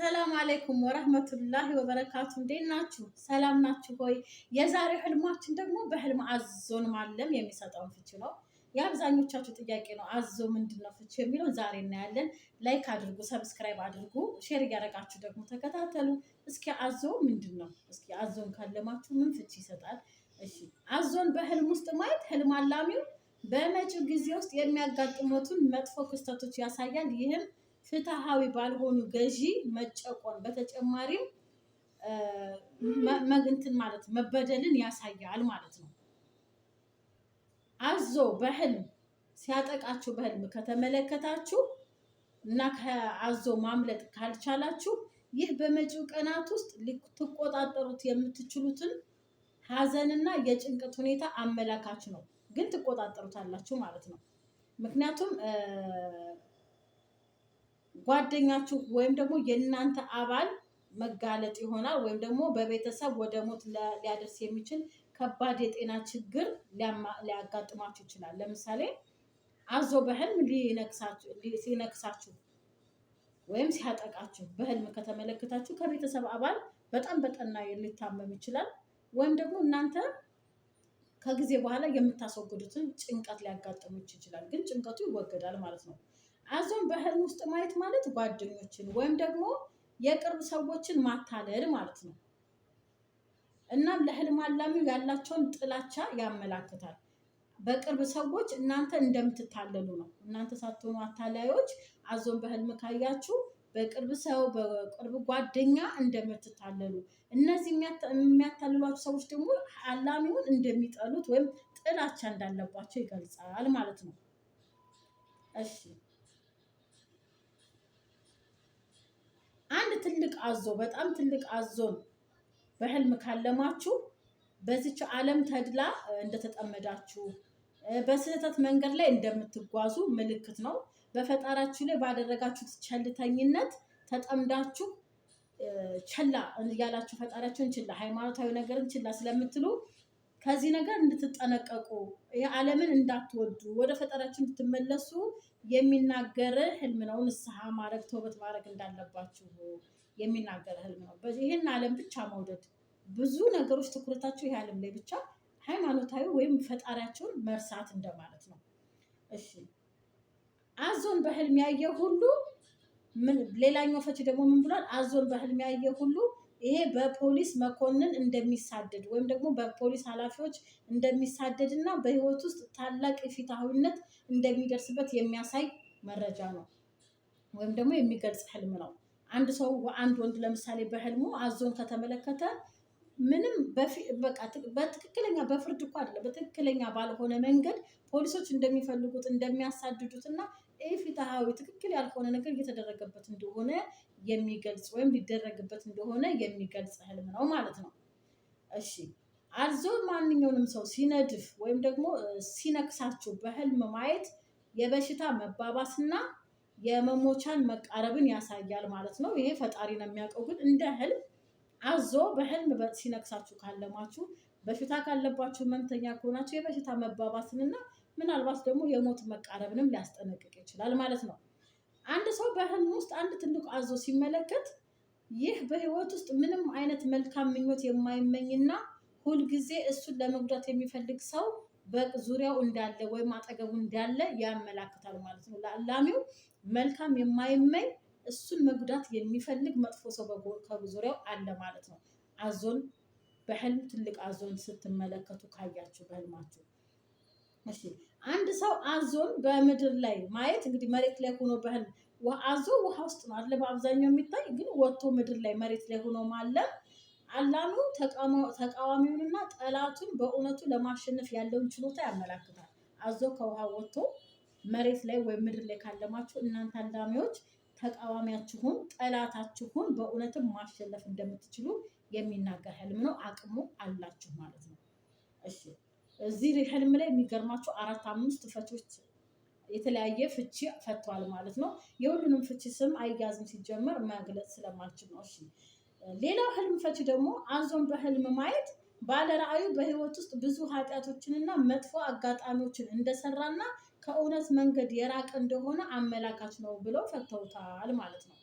ሰላም አለይኩም ወረህመቱላሂ ወበረካቱ። እንዴት ናችሁ? ሰላም ናችሁ ሆይ? የዛሬው ህልማችን ደግሞ በህልም አዞን ማለም የሚሰጠውን ፍቺ ነው። የአብዛኞቻችሁ ጥያቄ ነው፣ አዞ ምንድን ነው ፍቺ የሚለውን ዛሬ እናያለን። ላይክ አድርጉ፣ ሰብስክራይብ አድርጉ፣ ሼር እያደረጋችሁ ደግሞ ተከታተሉ። እስኪ አዞ ምንድን ነው? እስኪ አዞን ካለማችሁ ምን ፍቺ ይሰጣል? እሺ አዞን በህልም ውስጥ ማየት ህልም አላሚው በመጪው ጊዜ ውስጥ የሚያጋጥሙትን መጥፎ ክስተቶች ያሳያል። ይህም ፍትሃዊ ባልሆኑ ገዢ መጨቆን በተጨማሪም መግንትን ማለት መበደልን ያሳያል ማለት ነው። አዞ በህልም ሲያጠቃችሁ በህልም ከተመለከታችሁ እና ከአዞ ማምለጥ ካልቻላችሁ ይህ በመጪው ቀናት ውስጥ ትቆጣጠሩት የምትችሉትን ሀዘንና የጭንቀት ሁኔታ አመላካች ነው። ግን ትቆጣጠሩታላችሁ ማለት ነው። ምክንያቱም ጓደኛችሁ ወይም ደግሞ የእናንተ አባል መጋለጥ ይሆናል ወይም ደግሞ በቤተሰብ ወደ ሞት ሊያደርስ የሚችል ከባድ የጤና ችግር ሊያጋጥማችሁ ይችላል። ለምሳሌ አዞ በህልም ሲነክሳችሁ ወይም ሲያጠቃችሁ በህልም ከተመለከታችሁ ከቤተሰብ አባል በጣም በጠና ሊታመም ይችላል። ወይም ደግሞ እናንተ ከጊዜ በኋላ የምታስወግዱትን ጭንቀት ሊያጋጥሞች ይችላል። ግን ጭንቀቱ ይወገዳል ማለት ነው። አዞን በህልም ውስጥ ማየት ማለት ጓደኞችን ወይም ደግሞ የቅርብ ሰዎችን ማታለል ማለት ነው። እናም ለህልም አላሚው ያላቸውን ጥላቻ ያመላክታል። በቅርብ ሰዎች እናንተ እንደምትታለሉ ነው። እናንተ ሳትሆኑ አታላዮች አዞን በህልም ካያችሁ በቅርብ ሰው በቅርብ ጓደኛ እንደምትታለሉ፣ እነዚህ የሚያታልሏቸው ሰዎች ደግሞ አላሚውን እንደሚጠሉት ወይም ጥላቻ እንዳለባቸው ይገልጻል ማለት ነው። እሺ አንድ ትልቅ አዞ በጣም ትልቅ አዞን በህልም ካለማችሁ በዚች ዓለም ተድላ እንደተጠመዳችሁ በስህተት መንገድ ላይ እንደምትጓዙ ምልክት ነው። በፈጣራችሁ ላይ ባደረጋችሁት ቸልተኝነት ተጠምዳችሁ ችላ እያላችሁ ፈጣሪያችሁን ችላ፣ ሃይማኖታዊ ነገርን ችላ ስለምትሉ ከዚህ ነገር እንድትጠነቀቁ የዓለምን እንዳትወዱ ወደ ፈጠራችን እንድትመለሱ የሚናገር ህልም ነው። ንስሐ ማድረግ ተውበት ማድረግ እንዳለባችሁ የሚናገር ህልም ነው። ይህን ዓለም ብቻ መውደድ፣ ብዙ ነገሮች ትኩረታቸው ይህ ዓለም ላይ ብቻ፣ ሃይማኖታዊ ወይም ፈጣሪያቸውን መርሳት እንደማለት ነው። እሺ አዞን በህልም ያየ ሁሉ ሌላኛው ፈቺ ደግሞ ምን ብሏል? አዞን በህልም ያየ ሁሉ ይሄ በፖሊስ መኮንን እንደሚሳደድ ወይም ደግሞ በፖሊስ ኃላፊዎች እንደሚሳደድ እና በህይወት ውስጥ ታላቅ የፊታዊነት እንደሚደርስበት የሚያሳይ መረጃ ነው፣ ወይም ደግሞ የሚገልጽ ህልም ነው። አንድ ሰው አንድ ወንድ ለምሳሌ በህልሙ አዞን ከተመለከተ ምንም በትክክለኛ በፍርድ እኮ አይደለም፣ በትክክለኛ ባልሆነ መንገድ ፖሊሶች እንደሚፈልጉት እንደሚያሳድዱት እና ኢፍትሐዊ ትክክል ያልሆነ ነገር እየተደረገበት እንደሆነ የሚገልጽ ወይም ሊደረግበት እንደሆነ የሚገልጽ ህልም ነው ማለት ነው። እሺ አዞ ማንኛውንም ሰው ሲነድፍ ወይም ደግሞ ሲነክሳችሁ በህልም ማየት የበሽታ መባባስና የመሞቻን መቃረብን ያሳያል ማለት ነው። ይሄ ፈጣሪ ነው የሚያውቀው። ግን እንደ ህልም አዞ በህልም ሲነክሳችሁ ካለማችሁ በሽታ ካለባችሁ መምተኛ ከሆናችሁ የበሽታ መባባስንና ምናልባት ደግሞ የሞት መቃረብንም ሊያስጠነቅቅ ይችላል ማለት ነው። አንድ ሰው በህልም ውስጥ አንድ ትልቅ አዞ ሲመለከት ይህ በህይወት ውስጥ ምንም አይነት መልካም ምኞት የማይመኝና ሁልጊዜ እሱን ለመጉዳት የሚፈልግ ሰው በዙሪያው እንዳለ ወይም አጠገቡ እንዳለ ያመላክታል ማለት ነው። ለአላሚው መልካም የማይመኝ እሱን መጉዳት የሚፈልግ መጥፎ ሰው ዙሪያው አለ ማለት ነው። አዞን በህልም ትልቅ አዞን ስትመለከቱ ካያችሁ በህልማችሁ እሺ አንድ ሰው አዞን በምድር ላይ ማየት እንግዲህ መሬት ላይ ሆኖ በህል አዞ ውሃ ውስጥ ነው አለ በአብዛኛው የሚታይ ግን ወጥቶ ምድር ላይ መሬት ላይ ሆኖ ማለም አላሙ ተቃዋሚውንና ጠላቱን በእውነቱ ለማሸነፍ ያለውን ችሎታ ያመላክታል። አዞ ከውሃ ወጥቶ መሬት ላይ ወይም ምድር ላይ ካለማችሁ እናንተ አላሚዎች ተቃዋሚያችሁን ጠላታችሁን በእውነትም ማሸነፍ እንደምትችሉ የሚናገር ህልም ነው። አቅሙ አላችሁ ማለት ነው። እሺ እዚህ ህልም ላይ የሚገርማቸው አራት አምስት ፈቾች የተለያየ ፍቺ ፈተዋል ማለት ነው። የሁሉንም ፍቺ ስም አይያዝም ሲጀመር መግለጽ ስለማልችል ነው። እሺ ሌላው ህልም ፈቺ ደግሞ አንዞን በህልም ማየት ባለ ራእዩ በህይወት ውስጥ ብዙ ኃጢአቶችንና መጥፎ አጋጣሚዎችን እንደሰራና ከእውነት መንገድ የራቀ እንደሆነ አመላካች ነው ብለው ፈተውታል ማለት ነው።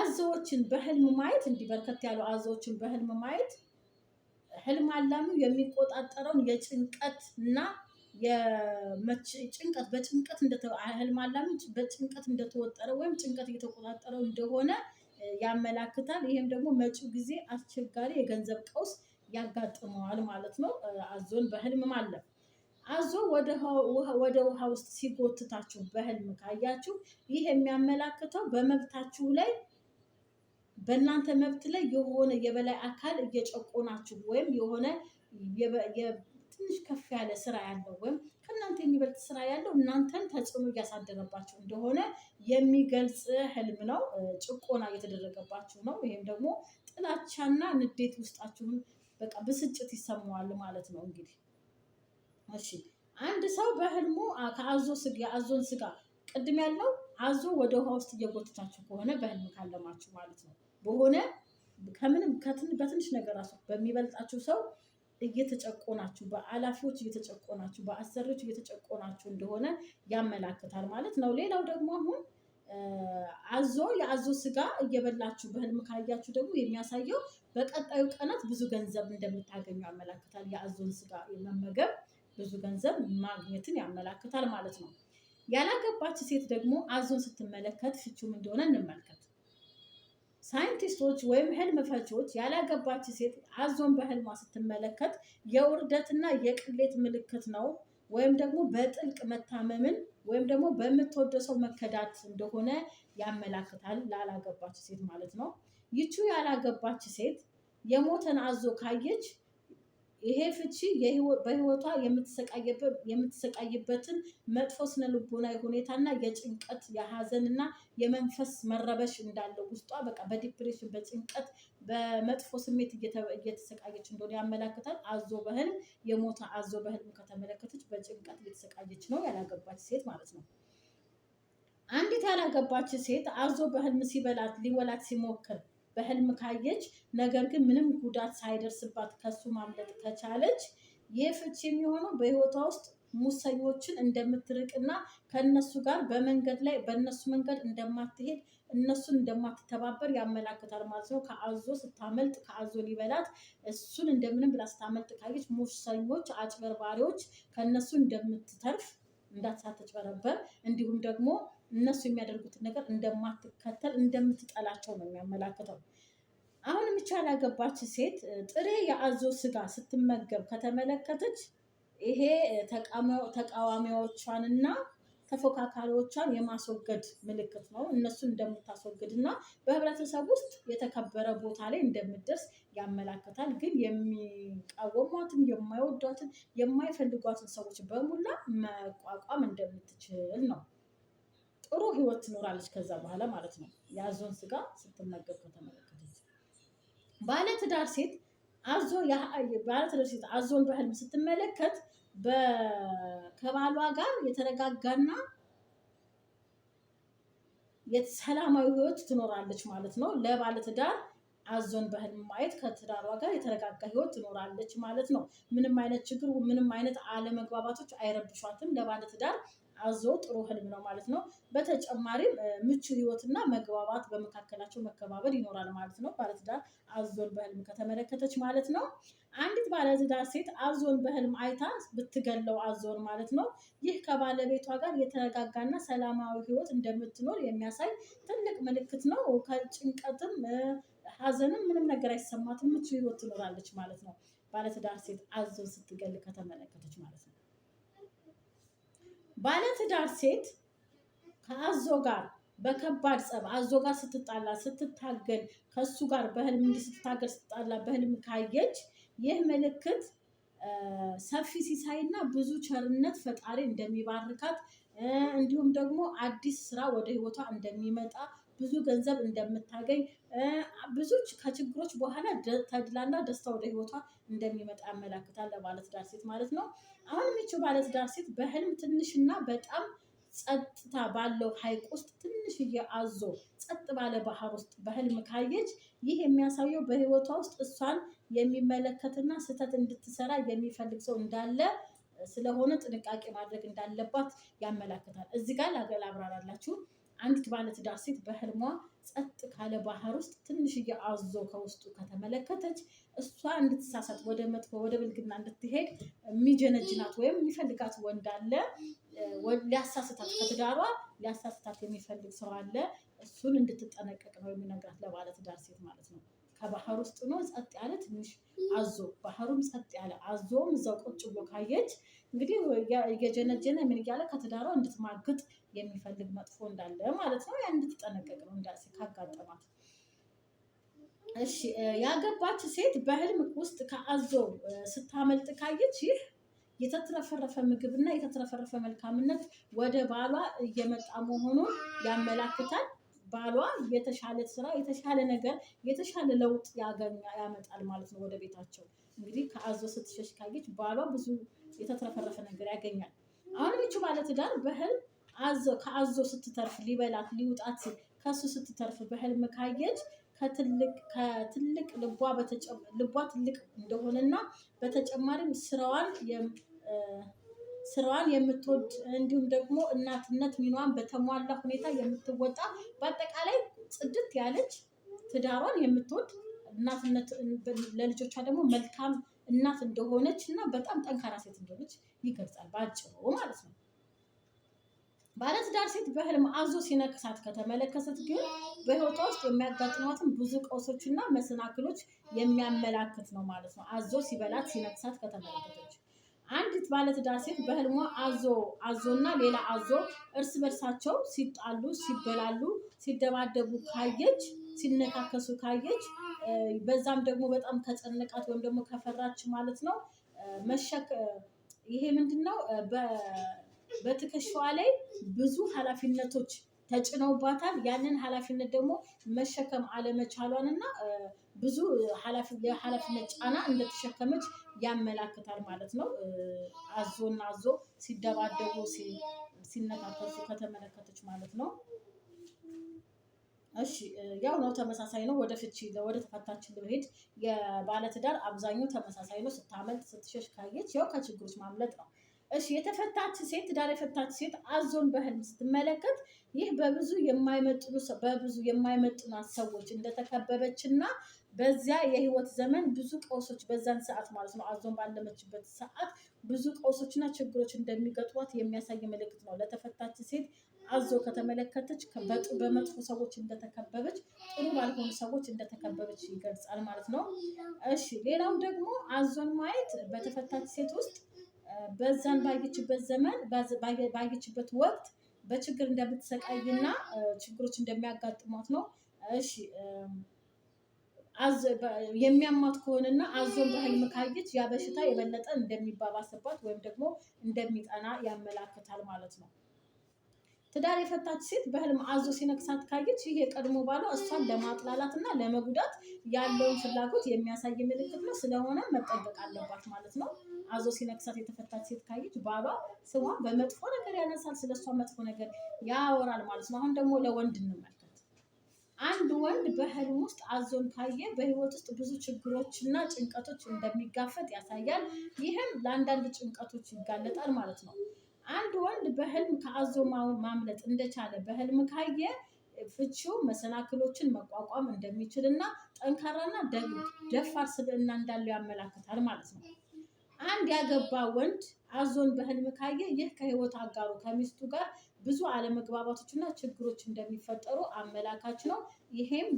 አዞዎችን በህልም ማየት እንዲህ በርከት ያሉ አዞዎችን በህልም ማየት ህልም አላሚው የሚቆጣጠረውን የጭንቀት እና ጭንቀት በጭንቀት ህልም አላሚው በጭንቀት እንደተወጠረ ወይም ጭንቀት እየተቆጣጠረው እንደሆነ ያመላክታል። ይህም ደግሞ መጪው ጊዜ አስቸጋሪ የገንዘብ ቀውስ ያጋጥመዋል ማለት ነው። አዞን በህልምም አለ። አዞ ወደ ውሃ ውስጥ ሲጎትታችሁ በህልም ካያችሁ ይህ የሚያመላክተው በመብታችሁ ላይ በእናንተ መብት ላይ የሆነ የበላይ አካል እየጨቆናችሁ ወይም የሆነ ትንሽ ከፍ ያለ ስራ ያለው ወይም ከእናንተ የሚበልጥ ስራ ያለው እናንተን ተጽዕኖ እያሳደረባችሁ እንደሆነ የሚገልጽ ህልም ነው። ጭቆና እየተደረገባችሁ ነው። ይህም ደግሞ ጥላቻና ንዴት ውስጣችሁን በቃ ብስጭት ይሰማዋል ማለት ነው። እንግዲህ እሺ፣ አንድ ሰው በህልሙ ከአዞ ስጋ የአዞን ስጋ ቅድም ያለው አዞ ወደ ውሃ ውስጥ እየጎተታችሁ ከሆነ በህልም ካለማችሁ ማለት ነው በሆነ ከምንም በትንሽ ነገር ራሱ በሚበልጣችሁ ሰው እየተጨቆናችሁ በአላፊዎች እየተጨቆናችሁ በአሰሪዎች እየተጨቆናችሁ እንደሆነ ያመላክታል ማለት ነው። ሌላው ደግሞ አሁን አዞ የአዞ ስጋ እየበላችሁ በህልም ካያችሁ ደግሞ የሚያሳየው በቀጣዩ ቀናት ብዙ ገንዘብ እንደምታገኙ ያመላክታል። የአዞን ስጋ መመገብ ብዙ ገንዘብ ማግኘትን ያመላክታል ማለት ነው። ያላገባች ሴት ደግሞ አዞን ስትመለከት ፍቺውም እንደሆነ እንመልከት። ሳይንቲስቶች ወይም ህልም ፈቾች ያላገባች ሴት አዞን በህልሟ ስትመለከት የውርደትና የቅሌት ምልክት ነው ወይም ደግሞ በጥልቅ መታመምን ወይም ደግሞ በምትወደሰው መከዳት እንደሆነ ያመላክታል። ላላገባች ሴት ማለት ነው። ይቺ ያላገባች ሴት የሞተን አዞ ካየች ይሄ ፍቺ በህይወቷ የምትሰቃይበትን መጥፎ ስነ ልቦናዊ ሁኔታና የጭንቀት የሀዘንና የመንፈስ መረበሽ እንዳለው ውስጧ በቃ በዲፕሬሽን በጭንቀት በመጥፎ ስሜት እየተሰቃየች እንደሆነ ያመላክታል። አዞ በህል የሞተ አዞ በህልም ከተመለከተች በጭንቀት እየተሰቃየች ነው ያላገባች ሴት ማለት ነው። አንዲት ያላገባች ሴት አዞ በህልም ሲበላት ሊወላት ሲሞክር በህልም ካየች ነገር ግን ምንም ጉዳት ሳይደርስባት ከሱ ማምለጥ ከቻለች ይህ ፍቺ የሚሆነው በህይወቷ ውስጥ ሙሰኞችን እንደምትርቅና ከእነሱ ጋር በመንገድ ላይ በእነሱ መንገድ እንደማትሄድ እነሱን እንደማትተባበር ያመላክታል ማለት ነው። ከአዞ ስታመልጥ ከአዞ ሊበላት እሱን እንደምንም ብላ ስታመልጥ ካየች ሙሰኞች፣ አጭበርባሪዎች ከእነሱ እንደምትተርፍ እንዳትሳተጭበረበር እንዲሁም ደግሞ እነሱ የሚያደርጉትን ነገር እንደማትከተል እንደምትጠላቸው ነው የሚያመላክተው። አሁን ምቻ ያገባች ሴት ጥሬ የአዞ ስጋ ስትመገብ ከተመለከተች ይሄ ተቃዋሚዎቿንና ተፎካካሪዎቿን የማስወገድ ምልክት ነው። እነሱን እንደምታስወግድ እና በህብረተሰብ ውስጥ የተከበረ ቦታ ላይ እንደምትደርስ ያመላክታል። ግን የሚቃወሟትን፣ የማይወዷትን፣ የማይፈልጓትን ሰዎች በሙላ መቋቋም እንደምትችል ነው። ጥሩ ህይወት ትኖራለች ከዛ በኋላ ማለት ነው። የአዞን ስጋ ስትመገብ ከተመለከተች ባለትዳር ሴት አዞ ባለትዳር ሴት አዞን በህልም ስትመለከት ከባሏ ጋር የተረጋጋና ሰላማዊ ህይወት ትኖራለች ማለት ነው። ለባለትዳር አዞን በህልም ማየት ከትዳሯ ጋር የተረጋጋ ህይወት ትኖራለች ማለት ነው። ምንም አይነት ችግር፣ ምንም አይነት አለመግባባቶች አይረብሿትም። ለባለትዳር አዞ ጥሩ ህልም ነው ማለት ነው። በተጨማሪም ምቹ ህይወትና መግባባት በመካከላቸው መከባበር ይኖራል ማለት ነው። ባለትዳር አዞን በህልም ከተመለከተች ማለት ነው። አንዲት ባለትዳር ሴት አዞን በህልም አይታ ብትገለው አዞን ማለት ነው ይህ ከባለቤቷ ጋር የተረጋጋና ሰላማዊ ህይወት እንደምትኖር የሚያሳይ ትልቅ ምልክት ነው። ከጭንቀትም ሀዘንም ምንም ነገር አይሰማትም፣ ምቹ ህይወት ትኖራለች ማለት ነው። ባለትዳር ሴት አዞን ስትገል ከተመለከተች ማለት ነው። ባለትዳር ሴት ከአዞ ጋር በከባድ ጸብ አዞ ጋር ስትጣላ ስትታገል ከሱ ጋር በህልም እንዲህ ስትታገል ስትጣላ በህልም ካየች ይህ ምልክት ሰፊ ሲሳይና ብዙ ቸርነት ፈጣሪ እንደሚባርካት እንዲሁም ደግሞ አዲስ ስራ ወደ ህይወቷ እንደሚመጣ ብዙ ገንዘብ እንደምታገኝ ብዙ ከችግሮች በኋላ ተድላና ደስታ ወደ ህይወቷ እንደሚመጣ ያመላክታል ለባለትዳር ሴት ማለት ነው። አሁን የሚችው ባለትዳር ሴት በህልም ትንሽና በጣም ጸጥታ ባለው ሐይቅ ውስጥ ትንሽዬ አዞ ጸጥ ባለ ባህር ውስጥ በህልም ካየች ይህ የሚያሳየው በህይወቷ ውስጥ እሷን የሚመለከትና ስህተት እንድትሰራ የሚፈልግ ሰው እንዳለ ስለሆነ ጥንቃቄ ማድረግ እንዳለባት ያመላክታል። እዚህ ጋር አብራራላችሁ አንዲት ባለትዳር ሴት በህልሟ ጸጥ ካለ ባህር ውስጥ ትንሽዬ አዞ ከውስጡ ከተመለከተች እሷ እንድትሳሳት ወደ መጥፎ ወደ ብልግና እንድትሄድ የሚጀነጅናት ወይም የሚፈልጋት ወንድ አለ። ሊያሳስታት ከትዳሯ ሊያሳስታት የሚፈልግ ሰው አለ። እሱን እንድትጠነቀቅ ነው የሚነግራት ለባለትዳር ሴት ማለት ነው። ከባህር ውስጥ ነው ጸጥ ያለ ትንሽ አዞ ባህሩም ጸጥ ያለ አዞም እዛው ቁጭ ብሎ ካየች እንግዲህ እየጀነጀነ ምን እያለ ከትዳሯ እንድትማግጥ የሚፈልግ መጥፎ እንዳለ ማለት ነው። ያ እንድትጠነቀቅ ነው እንዳሴ ካጋጠማት። እሺ ያገባች ሴት በህልም ውስጥ ከአዞ ስታመልጥ ካየች ይህ የተትረፈረፈ ምግብና የተትረፈረፈ መልካምነት ወደ ባሏ እየመጣ መሆኑን ያመላክታል። ባሏ የተሻለ ስራ፣ የተሻለ ነገር፣ የተሻለ ለውጥ ያመጣል ማለት ነው ወደ ቤታቸው። እንግዲህ ከአዞ ስትሸሽ ካየች ባሏ ብዙ የተትረፈረፈ ነገር ያገኛል። አሁን ምቹ ባለትዳር በህልም አዞ ከአዞ ስትተርፍ ሊበላት ሊውጣት ከሱ ስትተርፍ በህልም ካየች ከትልቅ ልቧ ትልቅ እንደሆነና በተጨማሪም ስራዋን ስራዋን የምትወድ እንዲሁም ደግሞ እናትነት ሚኗን በተሟላ ሁኔታ የምትወጣ በአጠቃላይ ጽድት ያለች ትዳሯን የምትወድ እናትነት ለልጆቿ ደግሞ መልካም እናት እንደሆነች እና በጣም ጠንካራ ሴት እንደሆነች ይገልጻል በአጭሩ ማለት ነው። ባለትዳር ሴት በህልም አዞ ሲነክሳት ከተመለከተት ግን በህይወቷ ውስጥ የሚያጋጥሟትን ብዙ ቀውሶችና መሰናክሎች የሚያመላክት ነው ማለት ነው። አዞ ሲበላት ሲነክሳት ከተመለከተች አንዲት ባለትዳር ሴት በህልሟ አዞ አዞና ሌላ አዞ እርስ በርሳቸው ሲጣሉ፣ ሲበላሉ፣ ሲደባደቡ ካየች፣ ሲነካከሱ ካየች በዛም ደግሞ በጣም ከጨነቃት ወይም ደግሞ ከፈራች ማለት ነው መሸክ ይሄ ምንድን ነው? በትከሻዋ ላይ ብዙ ኃላፊነቶች ተጭነውባታል። ያንን ኃላፊነት ደግሞ መሸከም አለመቻሏን እና ብዙ የኃላፊነት ጫና እንደተሸከመች ያመላክታል ማለት ነው። አዞና አዞ ሲደባደቡ ሲነካከሱ ከተመለከተች ማለት ነው። እሺ ያው ነው ተመሳሳይ ነው። ወደ ፍቺ ወደ ተፈታችን ብሄድ የባለትዳር አብዛኛው ተመሳሳይ ነው። ስታመልጥ ስትሸሽ ካየች ያው ከችግሮች ማምለጥ ነው። እሺ የተፈታች ሴት ትዳር የፈታች ሴት አዞን በህልም ስትመለከት ይህ በብዙ የማይመጥኑ በብዙ የማይመጥኗት ሰዎች እንደተከበበች እና በዚያ የህይወት ዘመን ብዙ ቀውሶች በዛን ሰዓት ማለት ነው አዞን ባለመችበት ሰዓት ብዙ ቀውሶችና ችግሮች እንደሚገጥሟት የሚያሳይ ምልክት ነው። ለተፈታች ሴት አዞ ከተመለከተች በመጥፎ ሰዎች እንደተከበበች፣ ጥሩ ባልሆኑ ሰዎች እንደተከበበች ይገልጻል ማለት ነው። እሺ ሌላው ደግሞ አዞን ማየት በተፈታች ሴት ውስጥ በዛን ባየችበት ዘመን ባየችበት ወቅት በችግር እንደምትሰቃይና ችግሮች እንደሚያጋጥሟት ነው። እሺ የሚያማት ከሆነና አዞን በህልም ካየች ያ በሽታ የበለጠ እንደሚባባስባት ወይም ደግሞ እንደሚጠና ያመላክታል ማለት ነው። ትዳር የፈታች ሴት በህልም አዞ ሲነክሳት ካየች ይህ የቀድሞ ባሏ እሷን ለማጥላላት እና ለመጉዳት ያለውን ፍላጎት የሚያሳይ ምልክት ነው። ስለሆነ መጠበቅ አለባት ማለት ነው። አዞ ሲነክሳት የተፈታች ሴት ካየች ባሏ ስሟን በመጥፎ ነገር ያነሳል፣ ስለ እሷ መጥፎ ነገር ያወራል ማለት ነው። አሁን ደግሞ ለወንድ እንመልከት። አንድ ወንድ በህልም ውስጥ አዞን ካየ በህይወት ውስጥ ብዙ ችግሮች ጭንቀቶች እንደሚጋፈጥ ያሳያል። ይህም ለአንዳንድ ጭንቀቶች ይጋለጣል ማለት ነው። አንድ ወንድ በህልም ከአዞ ማምለጥ እንደቻለ በህልም ካየ ፍቺው መሰናክሎችን መቋቋም እንደሚችል እና ጠንካራና ደፋር ስብዕና እንዳለው ያመላክታል ማለት ነው። አንድ ያገባ ወንድ አዞን በህልም ካየ ይህ ከህይወት አጋሩ ከሚስቱ ጋር ብዙ አለመግባባቶችና ችግሮች እንደሚፈጠሩ አመላካች ነው። ይሄም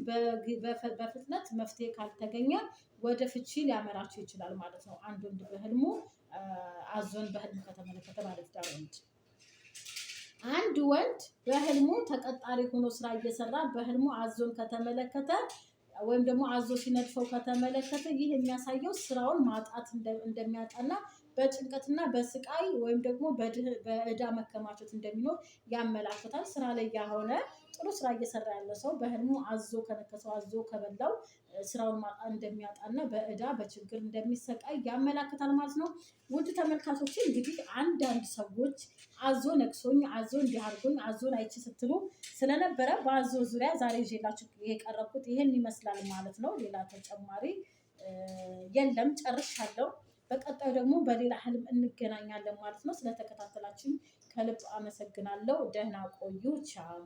በፍጥነት መፍትሄ ካልተገኘ ወደ ፍቺ ሊያመራቸው ይችላል ማለት ነው። አንድ ወንድ በህልሙ አዞን በህልሙ ከተመለከተ ባለትዳር ወንድ አንድ ወንድ በህልሙ ተቀጣሪ ሆኖ ስራ እየሰራ በህልሙ አዞን ከተመለከተ ወይም ደግሞ አዞ ሲነድፈው ከተመለከተ ይህ የሚያሳየው ስራውን ማጣት እንደሚያጣና በጭንቀትና በስቃይ ወይም ደግሞ በእዳ መከማቸት እንደሚኖር ያመላክታል። ስራ ላይ ያሆነ ጥሩ ስራ እየሰራ ያለ ሰው በህልሙ አዞ ከነከሰው አዞ ከበላው ስራውን እንደሚያጣና በእዳ በችግር እንደሚሰቃይ ያመላክታል ማለት ነው። ውድ ተመልካቾች እንግዲህ አንዳንድ ሰዎች አዞ ነክሶኝ፣ አዞ እንዲህ አዞን አይቼ ስትሉ ስለነበረ በአዞ ዙሪያ ዛሬ ይዤላችሁ የቀረብኩት ይህን ይመስላል ማለት ነው። ሌላ ተጨማሪ የለም ጨርሻለሁ። በቀጣዩ ደግሞ በሌላ ህልም እንገናኛለን ማለት ነው። ስለተከታተላችሁ ከልብ አመሰግናለሁ። ደህና ቆዩ። ቻው